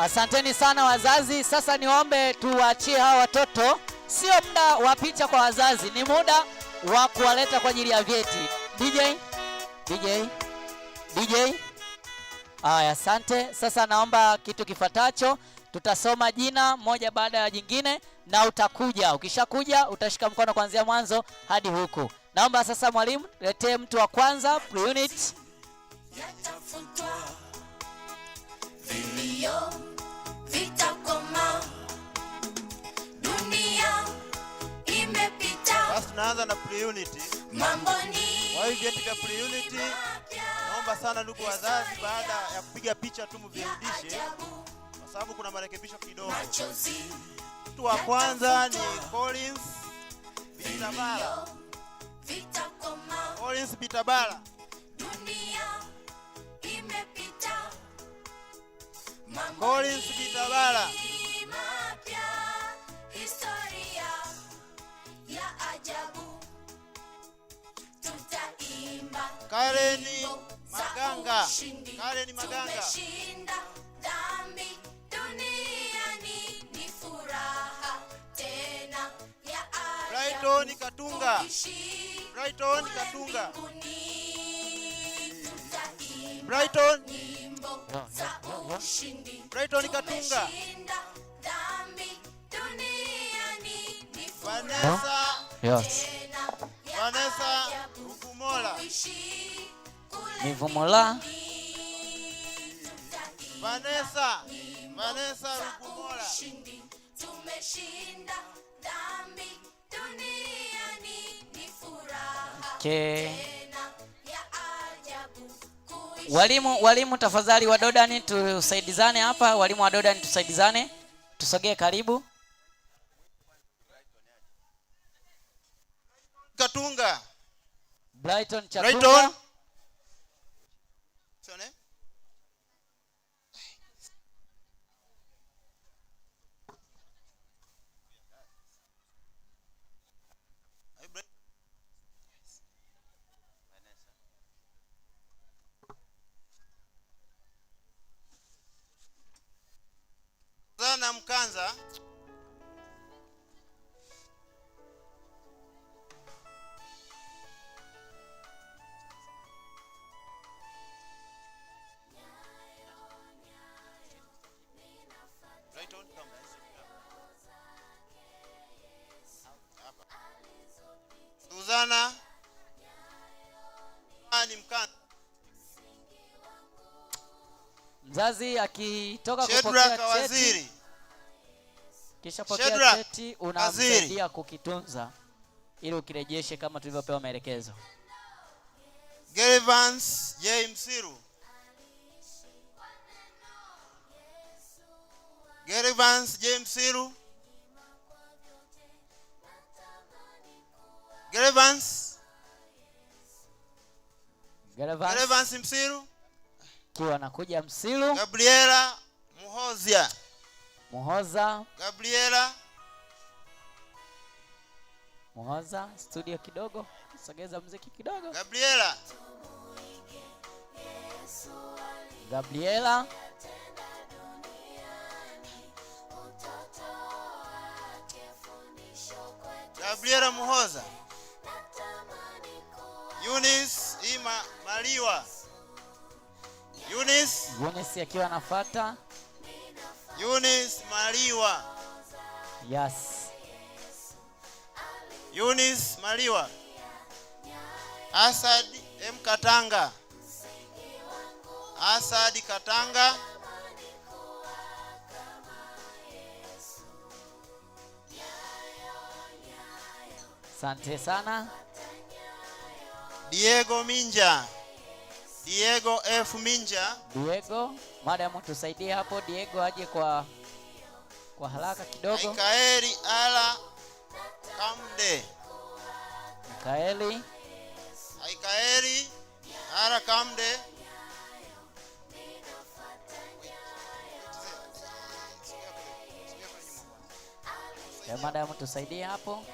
Asanteni sana wazazi. Sasa niombe tuwaachie hawa watoto, sio muda wa picha kwa wazazi, ni muda wa kuwaleta kwa ajili ya vyeti. DJ, DJ, DJ. Aya, asante. Sasa naomba kitu kifuatacho, tutasoma jina moja baada ya jingine na utakuja. Ukishakuja utashika mkono kuanzia mwanzo hadi huku. Naomba sasa mwalimu, letee mtu wa kwanza pre-unit. Yatafutwa vilio Tunaanza na pre-unity. Mambo ni kwa hiyo katika pre-unity, naomba sana ndugu wazazi, baada ya kupiga picha tu mvirudishe, kwa sababu kuna marekebisho kidogo. Mtu wa kwanza ni Collins Bitabala. Collins Bitabala. Dunia imepita. Collins Kitabala. Historia ya ajabu tutaimba. Kareni Maganga. Kareni Maganga. Tumeshinda dhambi duniani ni furaha tena ya ajabu. Brighton Katunga. Brighton Katunga. Brighton Brighton Katunga, Vanessa Ruvumola, Vanessa Vanessa tumeshinda dhambi duniani, ni furaha Walimu, walimu tafadhali wa Dodani tusaidizane hapa. Walimu wa Dodani tusaidizane, tusogee karibu. Katunga Brighton Chatunga Brighton. Mkanza ah, Mkanza. Mzazi akitoka kupokea cheti kisha Ukishapokea cheti unamsaidia kukitunza ili ukirejeshe kama tulivyopewa maelekezo. Gervans J Msiru. Gervans J Msiru. Gervans. Gervans Msiru. Kiwa anakuja Msiru. Gabriela Muhozia. Muhoza Gabriela Muhoza, studio kidogo, sogeza mziki kidogo. Gabriela Gabriela Gabriela Muhoza Yunis Ima Mariwa Yunis Yunis akiwa anafata Eunice Maliwa. Yes. Eunice Maliwa. Asad M Katanga. Asad Katanga. Sante sana. Diego Minja. Diego F Minja. Diego Madam tusaidie hapo Diego aje kwa kwa haraka kidogo. Mikaeli ala Kamde. Mikaeli. Mikaeli ala Kamde. Ya madam tusaidie hapo.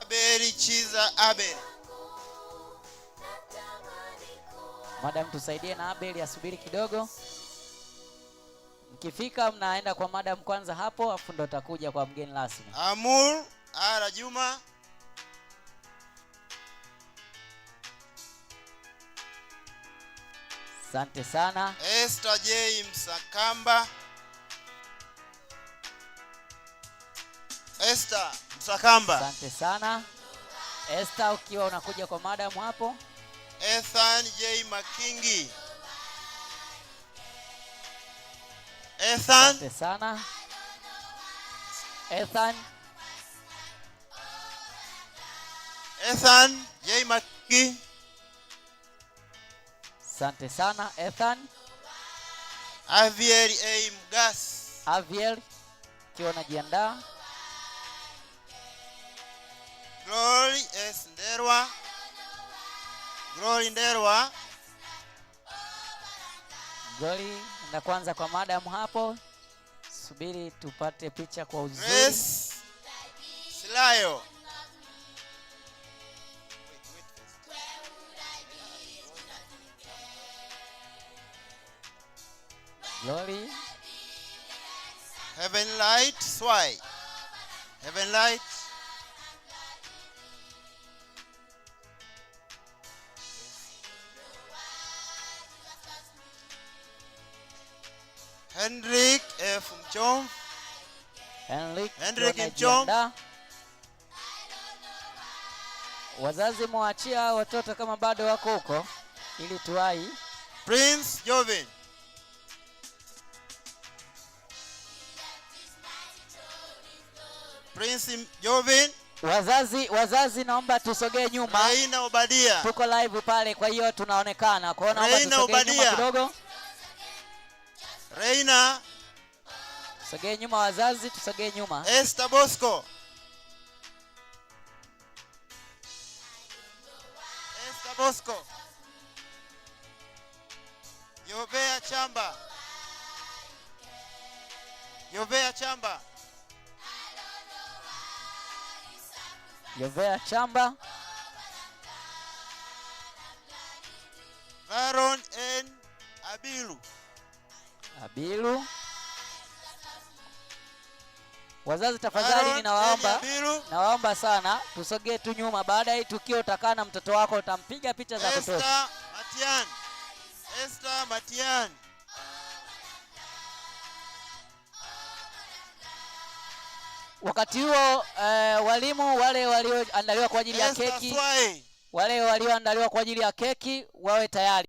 Abeli Chiza Abeli. Madam, tusaidie na Abel asubiri kidogo. Mkifika mnaenda kwa madam kwanza hapo, afu ndo takuja kwa mgeni rasmi. Amur ara Juma Asante sana. esta J Msakamba. Esther Msakamba. Asante sana. Esther, ukiwa unakuja kwa madam hapo. Ethan J. Makingi. Ethan. Sana. Ethan. Ethan J. Makingi. Sante sana Ethan. Aviel A. Mgas. Aviel kiwa najiandaa. Glory S. Nderwa. Glory Nderwa. Glory na kwanza kwa madam hapo, subiri tupate picha kwa uzuri. Yes. Silayo. Glory. Heaven light, swai. Heaven light. Chom Henrik Mchom. Wazazi mwachia watoto kama bado wako huko ili tuwai. Prince Jovin Prince Jovin. Wazazi, wazazi naomba tusogee nyuma. Raina Obadia. Tuko live pale kwa hiyo tunaonekana. Kwa hiyo naomba tusogee nyuma kidogo. Raina Tusogee nyuma wazazi, tusogee nyuma. Esther Bosco. Esther Bosco. Yovea Chamba. Yovea Chamba. Yovea Chamba. Aaron N. Abilu. Abilu. Wazazi tafadhali, ninawaomba nawaomba sana, tusogee tu nyuma. Baada ya hii tukio, utakaa na mtoto wako, utampiga picha za kutosha. Esther Matian wakati huo eh, walimu wale walioandaliwa kwa ajili ya keki, wale walioandaliwa kwa ajili ya keki wawe tayari.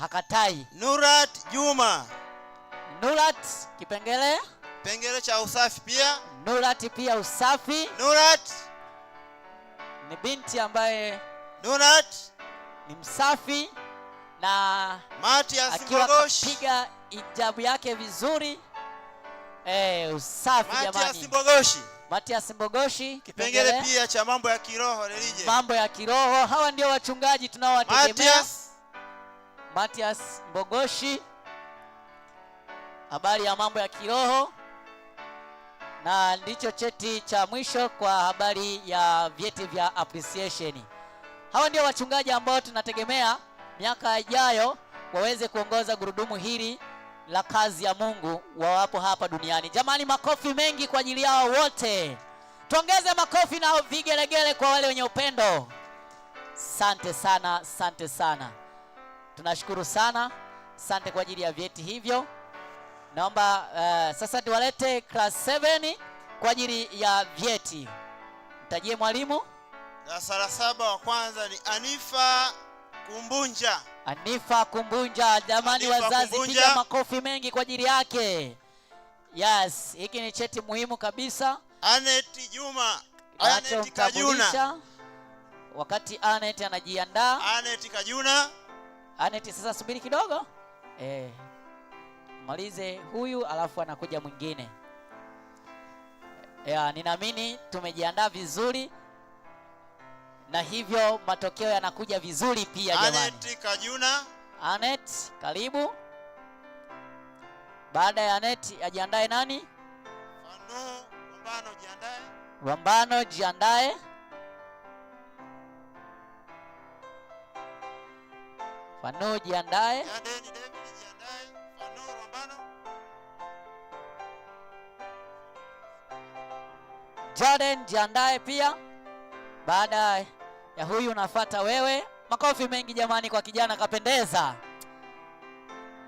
Hakatai. Nurat Juma. Nurat kipengele? Kipengele cha usafi pia. Nurat pia usafi. Nurat ni binti ambaye Nurat ni msafi na Matias akiwa kapiga ijabu yake vizuri. Eh, usafi jamani. Matias Mbogoshi kipengele pia cha mambo ya kiroho religion. Mambo ya kiroho, hawa ndio wachungaji tunaowategemea. Matias Matias Mbogoshi, habari ya mambo ya kiroho, na ndicho cheti cha mwisho kwa habari ya vyeti vya appreciation. Hawa ndio wachungaji ambao tunategemea miaka ijayo waweze kuongoza gurudumu hili la kazi ya Mungu wawapo hapa duniani. Jamani, makofi mengi kwa ajili yao wote. Tuongeze makofi na vigelegele kwa wale wenye upendo. Sante sana, sante sana. Tunashukuru sana, asante kwa ajili ya vyeti hivyo. Naomba uh, sasa tuwalete class 7 kwa ajili ya vyeti. Mtajie mwalimu. Darasa la saba wa kwanza ni Anifa Kumbunja. Anifa Kumbunja, jamani wazazi, piga makofi mengi kwa ajili yake. Yes, hiki ni cheti muhimu kabisa. Anet Juma, Anet Kajuna. Wakati Anet anajiandaa. Anet Kajuna Aneti, ah, sasa subiri kidogo eh, malize huyu alafu anakuja mwingine. Ya, ninaamini tumejiandaa vizuri na hivyo matokeo yanakuja vizuri pia jamani. Anet Kajuna. Anet, karibu. Baada ya Anet ajiandae nani? Wambano, jiandae. Wambano, jiandae. Fanuo jiandae. Jaden jiandae pia. Baada ya huyu unafuata wewe. Makofi mengi jamani kwa kijana kapendeza.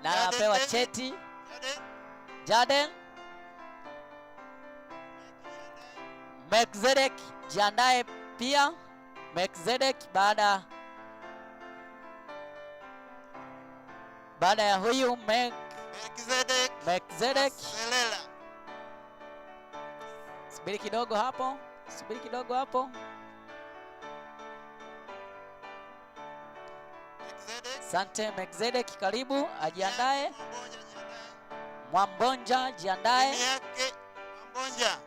Na anapewa cheti. Jaden Mekzedek jiandae pia. Mekzedek baada Baada ya huyu Melkizedek, Subiri kidogo hapo, subiri kidogo hapo. Sante Melkizedek, karibu ajiandae. Mwambonja jiandae. Mwambonja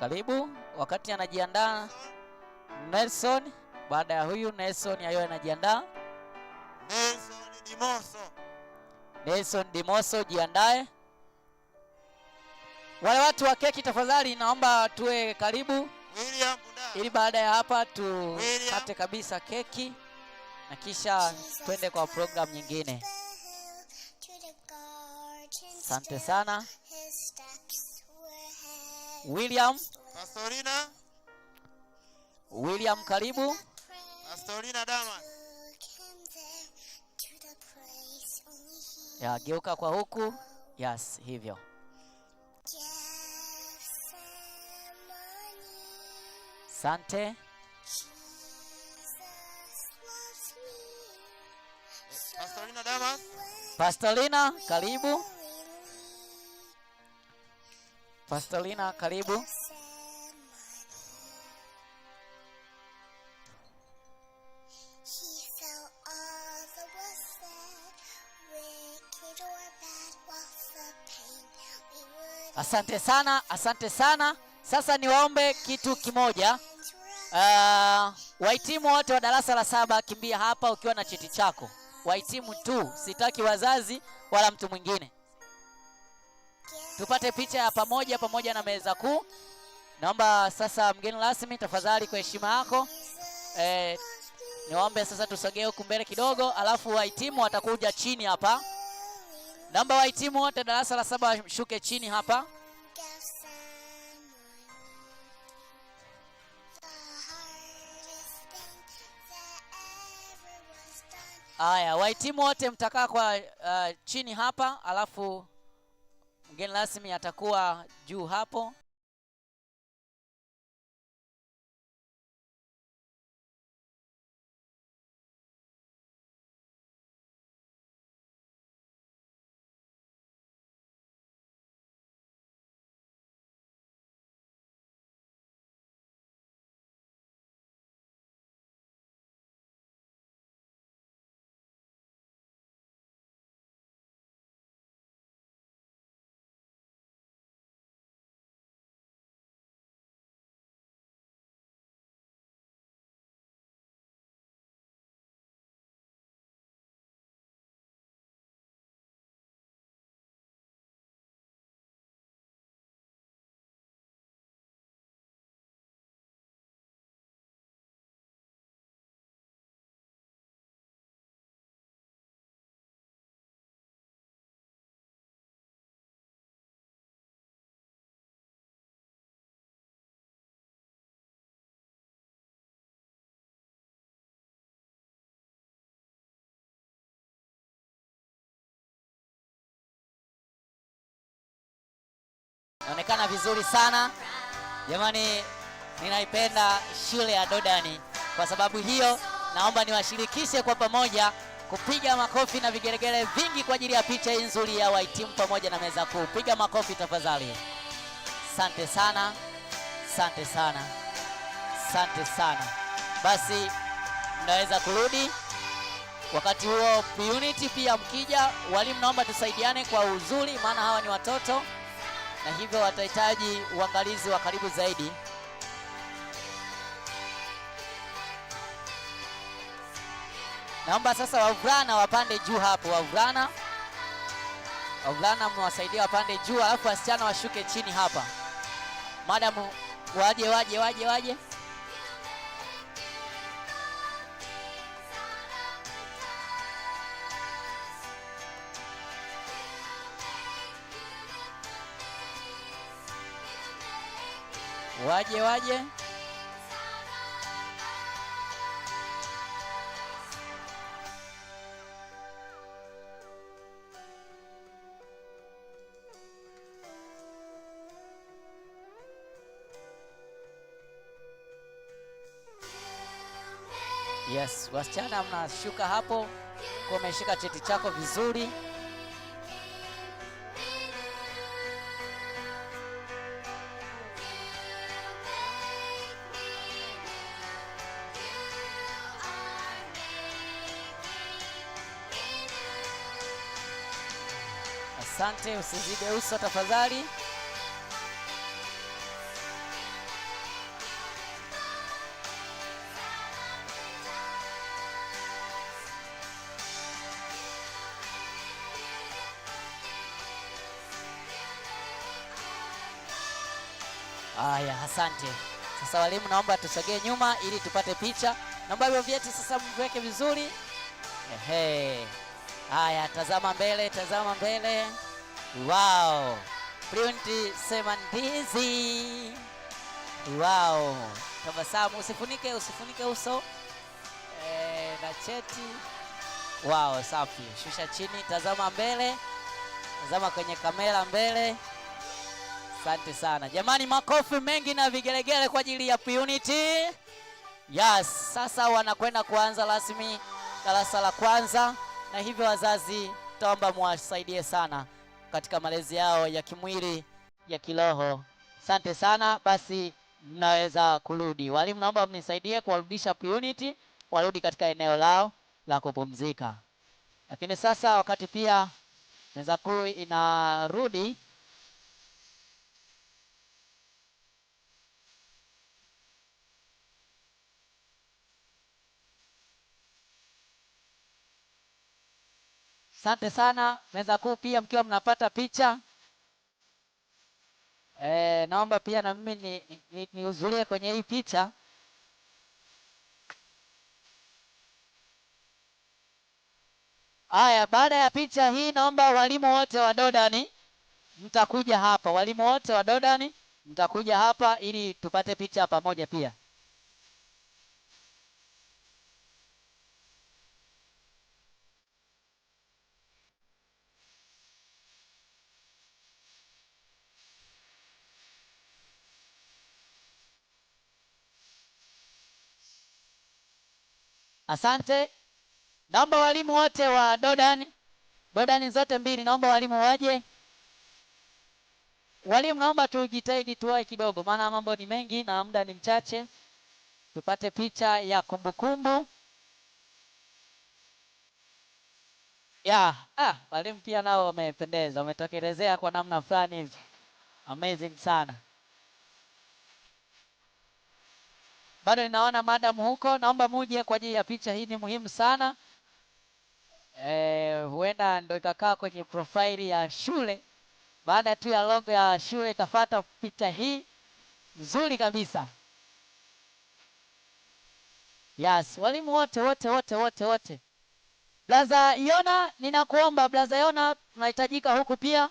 Karibu wakati anajiandaa Nelson. Baada ya huyu Nelson ayo anajiandaa Nelson Dimoso. Nelson Dimoso, jiandae. Wale watu wa keki tafadhali, naomba tuwe karibu ili baada ya hapa tukate kabisa keki na kisha twende kwa programu nyingine. Asante sana. William. Pastorina. William karibu. Pastorina Damas. Ya, geuka kwa huku. Yes, hivyo. Sante. Pastorina Damas. Pastorina, karibu. Pastelina, karibu. Asante sana, asante sana. Sasa niwaombe kitu kimoja. Uh, wahitimu wote wa darasa la saba kimbia hapa ukiwa na cheti chako. Wahitimu tu, sitaki wazazi wala mtu mwingine tupate picha ya pamoja pamoja na meza kuu. Naomba sasa, mgeni rasmi, tafadhali kwa heshima yako e, niwaombe sasa tusogee huku mbele kidogo, alafu wahitimu watakuja chini hapa. Naomba wahitimu wote darasa la saba washuke chini hapa. Aya, wahitimu wote mtakaa kwa uh, chini hapa alafu Mgeni rasmi atakuwa juu hapo. Inaonekana vizuri sana jamani, ninaipenda shule ya Dodani. Kwa sababu hiyo, naomba niwashirikishe kwa pamoja kupiga makofi na vigelegele vingi kwa ajili ya picha hii nzuri ya wahitimu pamoja na meza kuu. Piga makofi tafadhali. sante sana, sante sana, sante sana. Basi mnaweza kurudi. Wakati huo, Unity pia mkija, walimu naomba tusaidiane kwa uzuri, maana hawa ni watoto na hivyo watahitaji uangalizi wa karibu zaidi. Naomba sasa wavulana wapande juu hapo, wavulana wavulana mwasaidie wapande juu, alafu wasichana washuke chini hapa. Madamu waje waje waje waje. waje waje Yes, wasichana mnashuka hapo kwa umeshika cheti chako vizuri. wote usizide uso tafadhali. Haya, asante. Sasa walimu, naomba tusogee nyuma ili tupate picha. Naomba hivyo vyeti sasa mviweke vizuri. Ehe. Haya, tazama mbele, tazama mbele wow Priunti Semandizi. wow tabasamu usifunike usifunike uso eh, na cheti wow safi shusha chini tazama mbele tazama kwenye kamera mbele asante sana jamani makofi mengi na vigelegele kwa ajili ya Priunti. yes sasa wanakwenda kuanza rasmi darasa la kwanza na hivyo wazazi taomba muwasaidie sana katika malezi yao ya kimwili, ya kiroho. Asante sana, basi mnaweza kurudi. Walimu, naomba mnisaidie kuwarudisha Purity warudi katika eneo lao la kupumzika. Lakini sasa wakati pia meza kuu inarudi Asante sana meza kuu, pia mkiwa mnapata picha e, naomba pia na mimi nihudhurie ni, ni kwenye hii picha. Haya, baada ya picha hii naomba walimu wote wa Dodani mtakuja hapa, walimu wote wa Dodani mtakuja hapa ili tupate picha pamoja pia. Asante. Naomba walimu wote wa dodani dodani zote mbili, naomba walimu waje. Walimu, naomba tujitahidi tuwae kidogo, maana mambo ni mengi na muda ni mchache, tupate picha ya kumbukumbu kumbu. Ah, walimu pia nao wamependeza, wametokelezea kwa namna fulani hivi. Amazing sana. Bado ninaona madam huko, naomba muje kwa ajili ya picha hii, ni muhimu sana. Eh, huenda ndio itakaa kwenye profile ya shule. Baada tu ya logo ya shule itafata picha hii nzuri kabisa. Yes, walimu wote wote wote wote wote. Blaza Yona, ninakuomba Blaza Yona, tunahitajika huku pia.